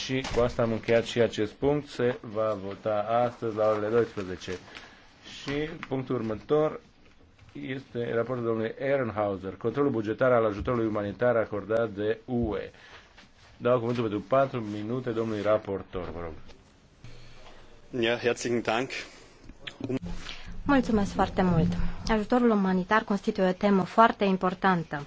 Și cu asta am încheiat și acest punct. Se va vota astăzi la orele 12. Și punctul următor este raportul domnului Ehrenhauser, controlul bugetar al ajutorului umanitar acordat de UE. Dau cuvântul pentru 4 minute domnului raportor, vă rog. Ja, herzlichen Dank. Mulțumesc foarte mult. Ajutorul umanitar constituie o temă foarte importantă.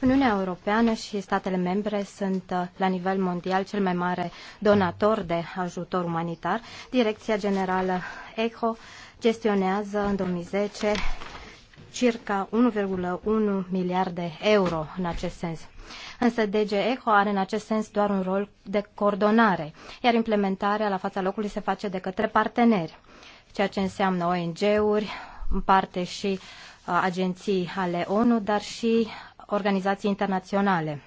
Uniunea Europeană și statele membre sunt uh, la nivel mondial cel mai mare donator de ajutor umanitar. Direcția Generală ECHO gestionează în 2010 circa 1,1 miliarde euro în acest sens. Însă DG ECHO are în acest sens doar un rol de coordonare, iar implementarea la fața locului se face de către parteneri ceea ce înseamnă ONG-uri, în parte și uh, agenții ale ONU, dar și organizații internaționale.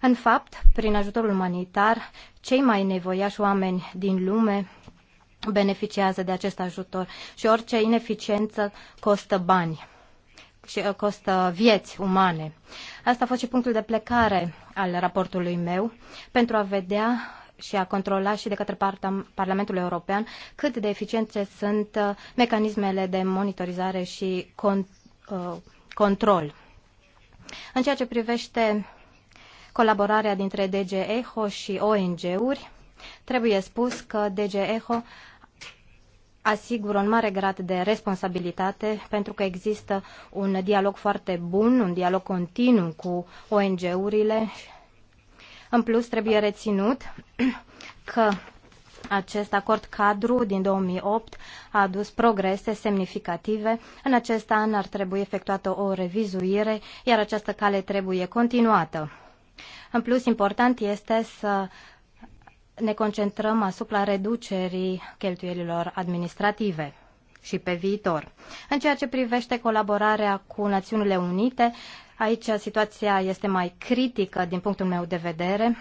În fapt, prin ajutorul umanitar, cei mai nevoiași oameni din lume beneficiază de acest ajutor și orice ineficiență costă bani și uh, costă vieți umane. Asta a fost și punctul de plecare al raportului meu pentru a vedea și a controla și de către Parlamentul European cât de eficiente sunt uh, mecanismele de monitorizare și uh, control. În ceea ce privește colaborarea dintre DG ECHO și ONG-uri, trebuie spus că DG ECHO asigură un mare grad de responsabilitate pentru că există un dialog foarte bun, un dialog continuu cu ONG-urile în plus, trebuie reținut că acest acord cadru din 2008 a adus progrese semnificative. În acest an ar trebui efectuată o revizuire, iar această cale trebuie continuată. În plus, important este să ne concentrăm asupra reducerii cheltuielilor administrative și pe viitor. În ceea ce privește colaborarea cu Națiunile Unite, Aici situația este mai critică din punctul meu de vedere.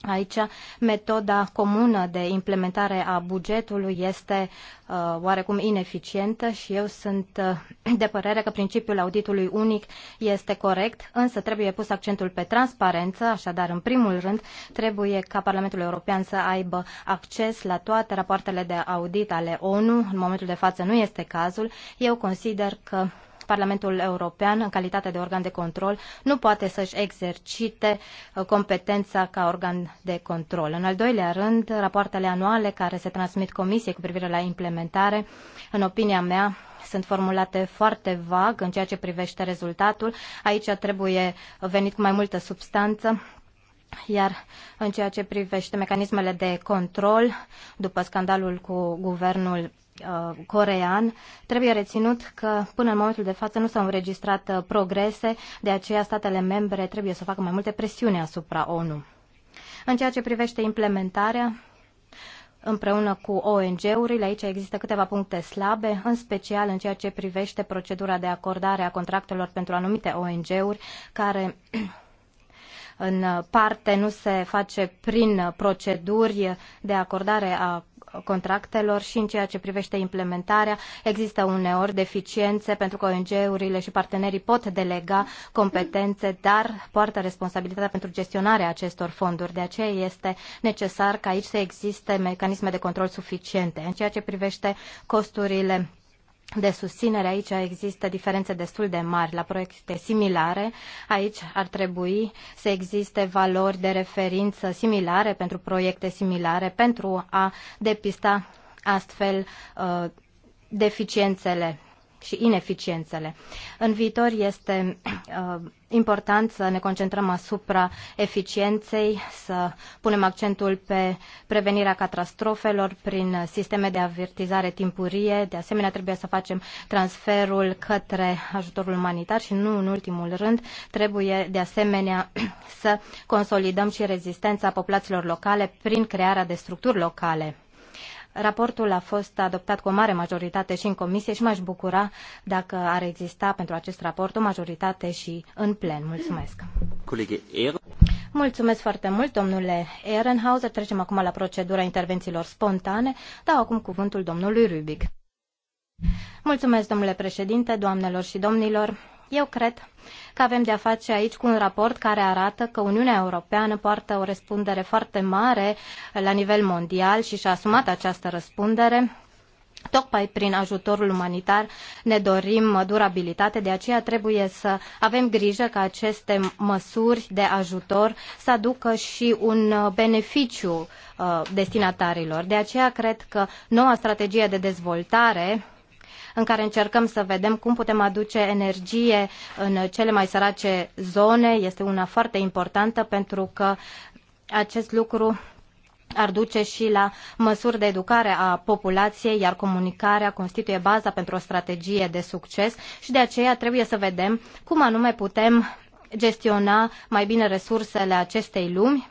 Aici metoda comună de implementare a bugetului este uh, oarecum ineficientă și eu sunt uh, de părere că principiul auditului unic este corect, însă trebuie pus accentul pe transparență, așadar în primul rând trebuie ca Parlamentul European să aibă acces la toate rapoartele de audit ale ONU, în momentul de față nu este cazul. Eu consider că Parlamentul European, în calitate de organ de control, nu poate să-și exercite uh, competența ca organ de control. În al doilea rând, rapoartele anuale care se transmit Comisiei cu privire la implementare, în opinia mea, sunt formulate foarte vag în ceea ce privește rezultatul. Aici trebuie venit cu mai multă substanță iar în ceea ce privește mecanismele de control, după scandalul cu guvernul Uh, corean, trebuie reținut că până în momentul de față nu s-au înregistrat uh, progrese, de aceea statele membre trebuie să facă mai multe presiuni asupra ONU. În ceea ce privește implementarea, împreună cu ONG-urile. Aici există câteva puncte slabe, în special în ceea ce privește procedura de acordare a contractelor pentru anumite ONG-uri care în parte nu se face prin proceduri de acordare a contractelor și în ceea ce privește implementarea. Există uneori deficiențe pentru că ONG-urile și partenerii pot delega competențe, dar poartă responsabilitatea pentru gestionarea acestor fonduri. De aceea este necesar ca aici să existe mecanisme de control suficiente. În ceea ce privește costurile de susținere aici există diferențe destul de mari. La proiecte similare, aici ar trebui să existe valori de referință similare pentru proiecte similare pentru a depista astfel uh, deficiențele și ineficiențele. În viitor este uh, important să ne concentrăm asupra eficienței, să punem accentul pe prevenirea catastrofelor prin sisteme de avertizare timpurie. De asemenea, trebuie să facem transferul către ajutorul umanitar și nu în ultimul rând, trebuie de asemenea să consolidăm și rezistența populațiilor locale prin crearea de structuri locale Raportul a fost adoptat cu o mare majoritate și în comisie și m-aș bucura dacă ar exista pentru acest raport o majoritate și în plen. Mulțumesc! Mulțumesc foarte mult, domnule Ehrenhauser. Trecem acum la procedura intervențiilor spontane. Dau acum cuvântul domnului Rubic. Mulțumesc, domnule președinte, doamnelor și domnilor. Eu cred că avem de-a face aici cu un raport care arată că Uniunea Europeană poartă o răspundere foarte mare la nivel mondial și și-a asumat această răspundere. Tocmai prin ajutorul umanitar ne dorim durabilitate, de aceea trebuie să avem grijă ca aceste măsuri de ajutor să aducă și un beneficiu uh, destinatarilor. De aceea cred că noua strategie de dezvoltare în care încercăm să vedem cum putem aduce energie în cele mai sărace zone. Este una foarte importantă pentru că acest lucru ar duce și la măsuri de educare a populației, iar comunicarea constituie baza pentru o strategie de succes și de aceea trebuie să vedem cum anume putem gestiona mai bine resursele acestei lumi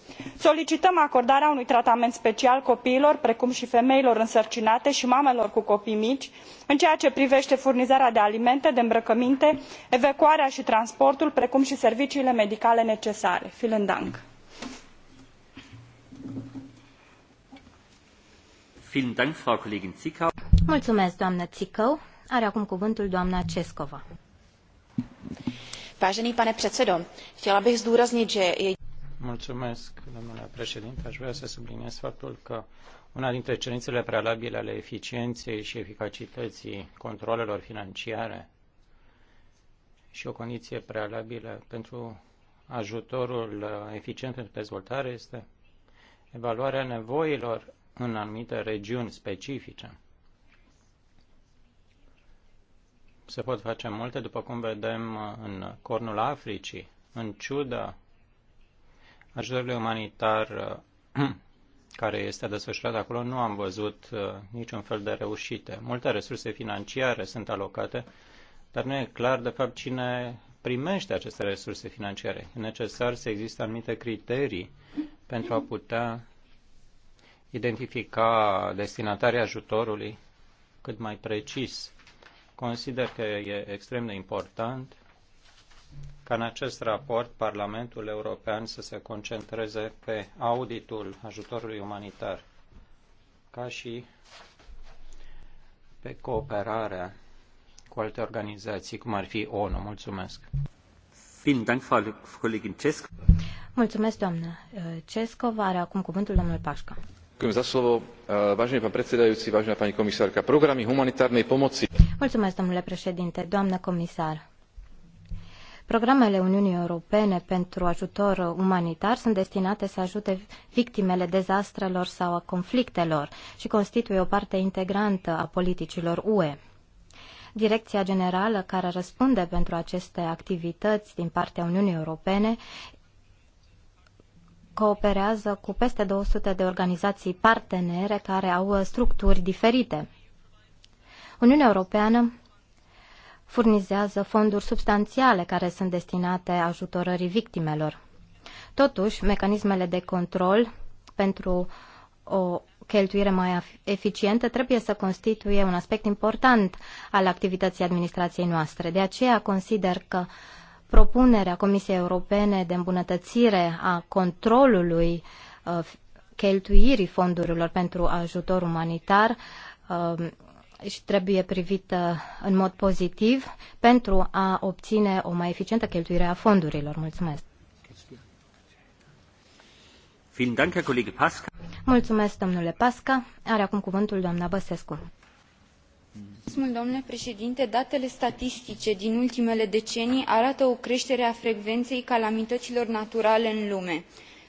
solicităm acordarea unui tratament special copiilor precum i femeilor însărcinate i mamelor cu copii mici în ceea ce privete furnizarea de alimente de îmbrăcăminte evacuarea i transportul precum i serviciile medicale necesare. Mulțumesc, doamnă Are acum cuvântul doamna pane Mulțumesc, domnule președinte. Aș vrea să subliniez faptul că una dintre cerințele prealabile ale eficienței și eficacității controlelor financiare și o condiție prealabilă pentru ajutorul uh, eficient pentru dezvoltare este evaluarea nevoilor în anumite regiuni specifice. Se pot face multe, după cum vedem uh, în cornul Africii, în ciuda ajutorului umanitar uh, care este desfășurat acolo, nu am văzut uh, niciun fel de reușite. Multe resurse financiare sunt alocate, dar nu e clar, de fapt, cine primește aceste resurse financiare. E necesar să există anumite criterii pentru a putea identifica destinatarii ajutorului cât mai precis. Consider că e extrem de important ca în acest raport Parlamentul European să se concentreze pe auditul ajutorului umanitar, ca și pe cooperarea cu alte organizații, cum ar fi ONU. Mulțumesc! Mulțumesc, doamnă uh, Cescova. Are acum cuvântul domnul Pașca. Ďakujem za slovo. Uh, vážený pán predsedajúci, vážená pani komisárka, programy humanitárnej pomoci. Mulțumesc, domnule președinte, doamnă comisar. Programele Uniunii Europene pentru ajutor umanitar sunt destinate să ajute victimele dezastrelor sau a conflictelor și constituie o parte integrantă a politicilor UE. Direcția generală care răspunde pentru aceste activități din partea Uniunii Europene cooperează cu peste 200 de organizații partenere care au uh, structuri diferite. Uniunea Europeană furnizează fonduri substanțiale care sunt destinate ajutorării victimelor. Totuși, mecanismele de control pentru o cheltuire mai eficientă trebuie să constituie un aspect important al activității administrației noastre. De aceea consider că propunerea Comisiei Europene de îmbunătățire a controlului uh, cheltuirii fondurilor pentru ajutor umanitar uh, și trebuie privită în mod pozitiv pentru a obține o mai eficientă cheltuire a fondurilor. Mulțumesc! Mulțumesc, domnule Pasca. Are acum cuvântul doamna Băsescu. Domnule președinte, datele statistice din ultimele decenii arată o creștere a frecvenței calamităților naturale în lume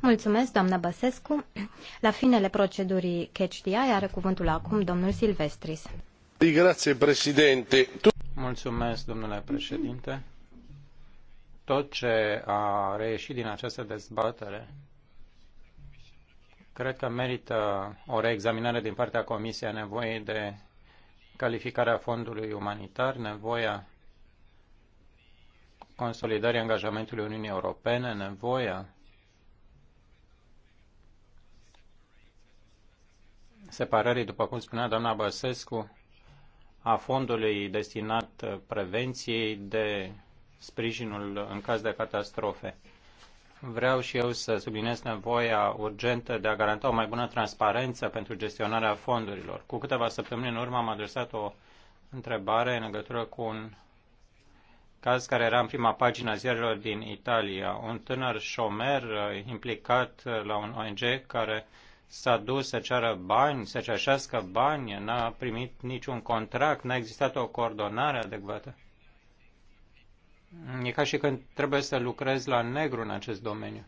Mulțumesc, doamna Băsescu. La finele procedurii Catch are cuvântul acum domnul Silvestris. Grazie, președinte. Mulțumesc, domnule președinte. Tot ce a reieșit din această dezbatere cred că merită o reexaminare din partea Comisiei a nevoie de calificarea fondului umanitar, nevoia consolidării angajamentului Uniunii Europene, nevoia separării, după cum spunea doamna Băsescu, a fondului destinat prevenției de sprijinul în caz de catastrofe. Vreau și eu să subliniez nevoia urgentă de a garanta o mai bună transparență pentru gestionarea fondurilor. Cu câteva săptămâni în urmă am adresat o întrebare în legătură cu un caz care era în prima pagina ziarelor din Italia. Un tânăr șomer uh, implicat uh, la un ONG care s-a dus să ceară bani, să ceașească bani, n-a primit niciun contract, n-a existat o coordonare adecvată. E ca și când trebuie să lucrezi la negru în acest domeniu.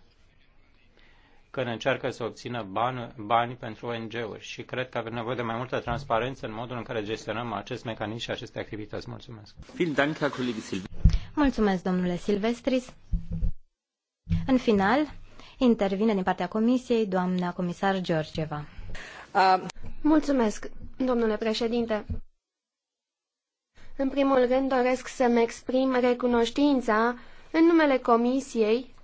Când încearcă să obțină bani, bani pentru ONG-uri și cred că avem nevoie de mai multă transparență în modul în care gestionăm acest mecanism și aceste activități. Mulțumesc. Mulțumesc, domnule Silvestris. În final, intervine din partea Comisiei doamna comisar Georgeva. Uh. Mulțumesc, domnule președinte. În primul rând doresc să-mi exprim recunoștința în numele Comisiei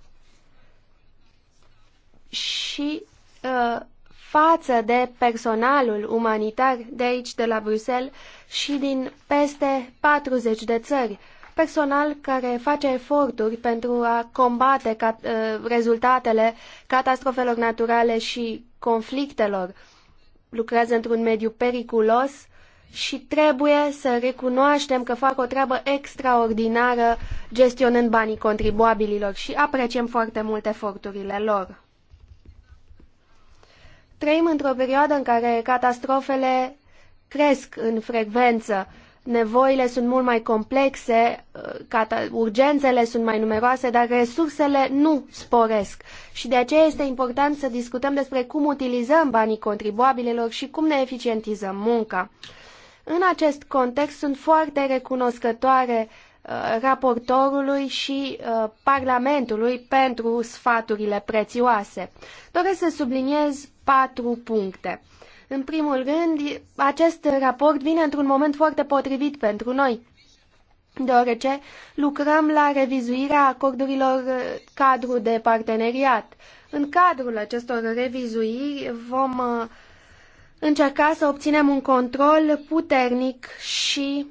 și uh, față de personalul umanitar de aici, de la Bruxelles și din peste 40 de țări, personal care face eforturi pentru a combate uh, rezultatele catastrofelor naturale și conflictelor. Lucrează într-un mediu periculos și trebuie să recunoaștem că fac o treabă extraordinară gestionând banii contribuabililor și apreciem foarte mult eforturile lor. Trăim într-o perioadă în care catastrofele cresc în frecvență nevoile sunt mult mai complexe, uh, urgențele sunt mai numeroase, dar resursele nu sporesc. Și de aceea este important să discutăm despre cum utilizăm banii contribuabililor și cum ne eficientizăm munca. În acest context sunt foarte recunoscătoare uh, raportorului și uh, Parlamentului pentru sfaturile prețioase. Doresc să subliniez patru puncte. În primul rând, acest raport vine într-un moment foarte potrivit pentru noi, deoarece lucrăm la revizuirea acordurilor cadru de parteneriat. În cadrul acestor revizuiri vom uh, încerca să obținem un control puternic și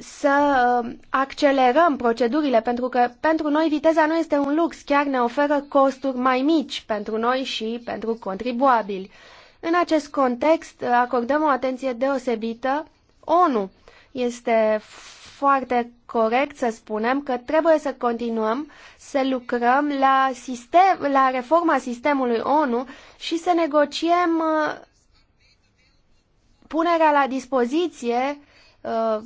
să um, accelerăm procedurile, pentru că pentru noi viteza nu este un lux, chiar ne oferă costuri mai mici pentru noi și pentru contribuabili. În acest context, uh, acordăm o atenție deosebită ONU. Este foarte corect să spunem că trebuie să continuăm să lucrăm la, sistem, la reforma sistemului ONU și să negociem uh, punerea la dispoziție uh,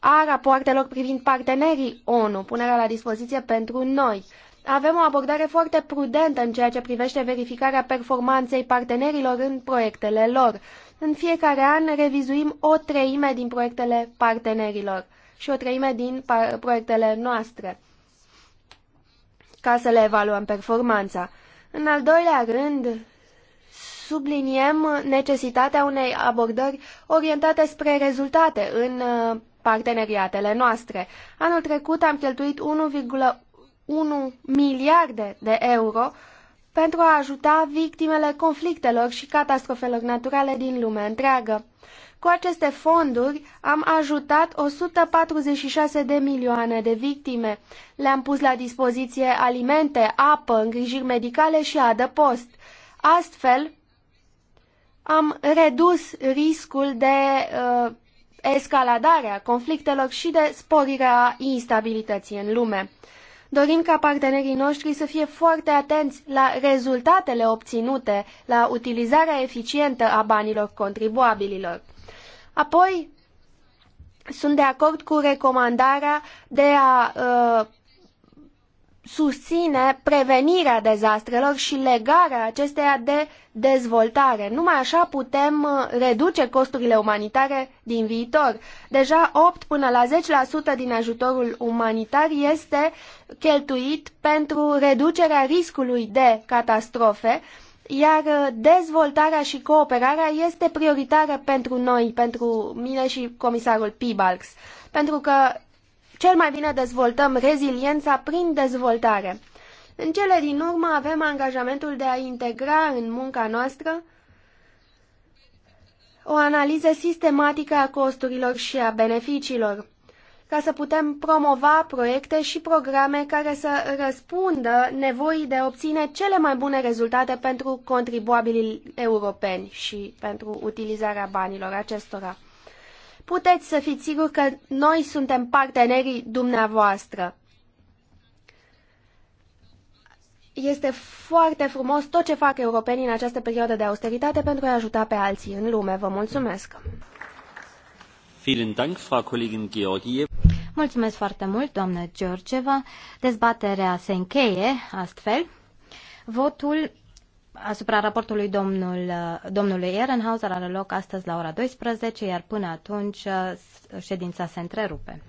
a rapoartelor privind partenerii ONU, punerea la dispoziție pentru noi. Avem o abordare foarte prudentă în ceea ce privește verificarea performanței partenerilor în proiectele lor. În fiecare an revizuim o treime din proiectele partenerilor și o treime din proiectele noastre ca să le evaluăm performanța. În al doilea rând, subliniem necesitatea unei abordări orientate spre rezultate în uh, parteneriatele noastre. Anul trecut am cheltuit 1,1 miliarde de euro pentru a ajuta victimele conflictelor și catastrofelor naturale din lumea întreagă. Cu aceste fonduri am ajutat 146 de milioane de victime. Le-am pus la dispoziție alimente, apă, îngrijiri medicale și adăpost. Astfel, am redus riscul de uh, escaladarea conflictelor și de sporirea instabilității în lume. Dorim ca partenerii noștri să fie foarte atenți la rezultatele obținute, la utilizarea eficientă a banilor contribuabililor. Apoi, sunt de acord cu recomandarea de a uh, susține prevenirea dezastrelor și legarea acesteia de dezvoltare. Numai așa putem uh, reduce costurile umanitare din viitor. Deja 8 până la 10% din ajutorul umanitar este cheltuit pentru reducerea riscului de catastrofe, iar uh, dezvoltarea și cooperarea este prioritară pentru noi, pentru mine și comisarul Piebalgs, pentru că cel mai bine dezvoltăm reziliența prin dezvoltare. În cele din urmă avem angajamentul de a integra în munca noastră o analiză sistematică a costurilor și a beneficiilor, ca să putem promova proiecte și programe care să răspundă nevoii de a obține cele mai bune rezultate pentru contribuabilii europeni și pentru utilizarea banilor acestora puteți să fiți siguri că noi suntem partenerii dumneavoastră. Este foarte frumos tot ce fac europenii în această perioadă de austeritate pentru a ajuta pe alții în lume. Vă mulțumesc! Mulțumesc foarte mult, doamnă Georgeva. Dezbaterea se încheie astfel. Votul asupra raportului domnul, uh, domnului Ehrenhauser are loc astăzi la ora 12, iar până atunci uh, ședința se întrerupe.